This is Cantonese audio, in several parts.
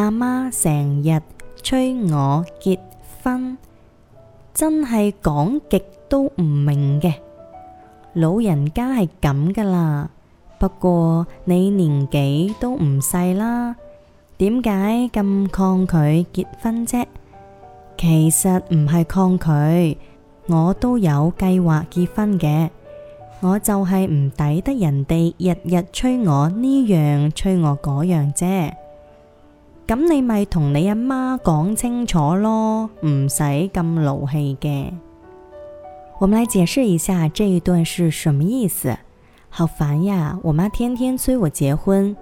阿媽成日催我結婚，真係講極都唔明嘅。老人家係咁噶啦，不過你年紀都唔細啦，點解咁抗拒結婚啫？其實唔係抗拒，我都有計劃結婚嘅，我就係唔抵得人哋日日催我呢樣，催我嗰樣啫。咁你咪同你阿媽講清楚咯，唔使咁勞氣嘅。我們來解釋一下這一段是什麼意思。好煩呀，我媽天天催我結婚，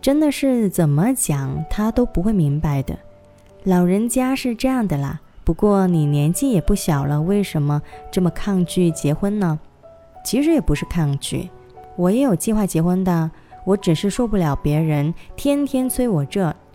真的是怎麼講她都不會明白的。老人家是這樣的啦，不過你年紀也不小了，為什麼這麼抗拒結婚呢？其實也不是抗拒，我也有計劃結婚的，我只是受不了別人天天催我這。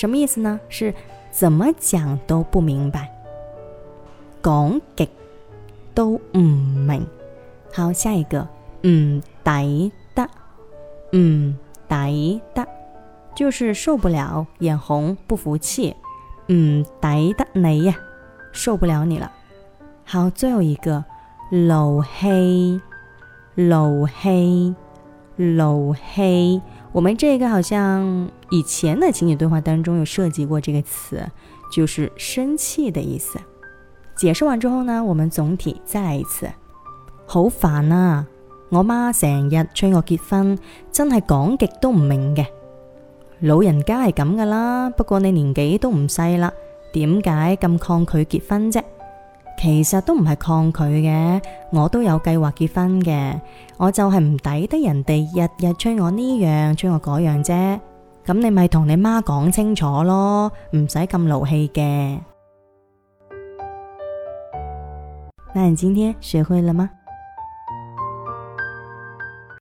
什麼意思呢？是怎麼講都不明白，講極都唔明。好，下一個，唔、嗯、抵得，唔、嗯、抵得，就是受不了，眼紅不服氣，唔、嗯、抵得你呀，受不了你了。好，最後一個，勞氣，勞氣，勞氣。我們這個好像以前的情景對話當中有涉及過這個詞，就是生氣的意思。解釋完之後呢，我們總體再來一次，好煩啊！我媽成日催我結婚，真係講極都唔明嘅。老人家係咁噶啦，不過你年紀都唔細啦，點解咁抗拒結婚啫？其實都唔係抗拒嘅，我都有計劃結婚嘅，我就係唔抵得人哋日日催我呢樣，催我嗰樣啫。咁你咪同你媽講清楚咯，唔使咁勞氣嘅。那你今天學會了嗎？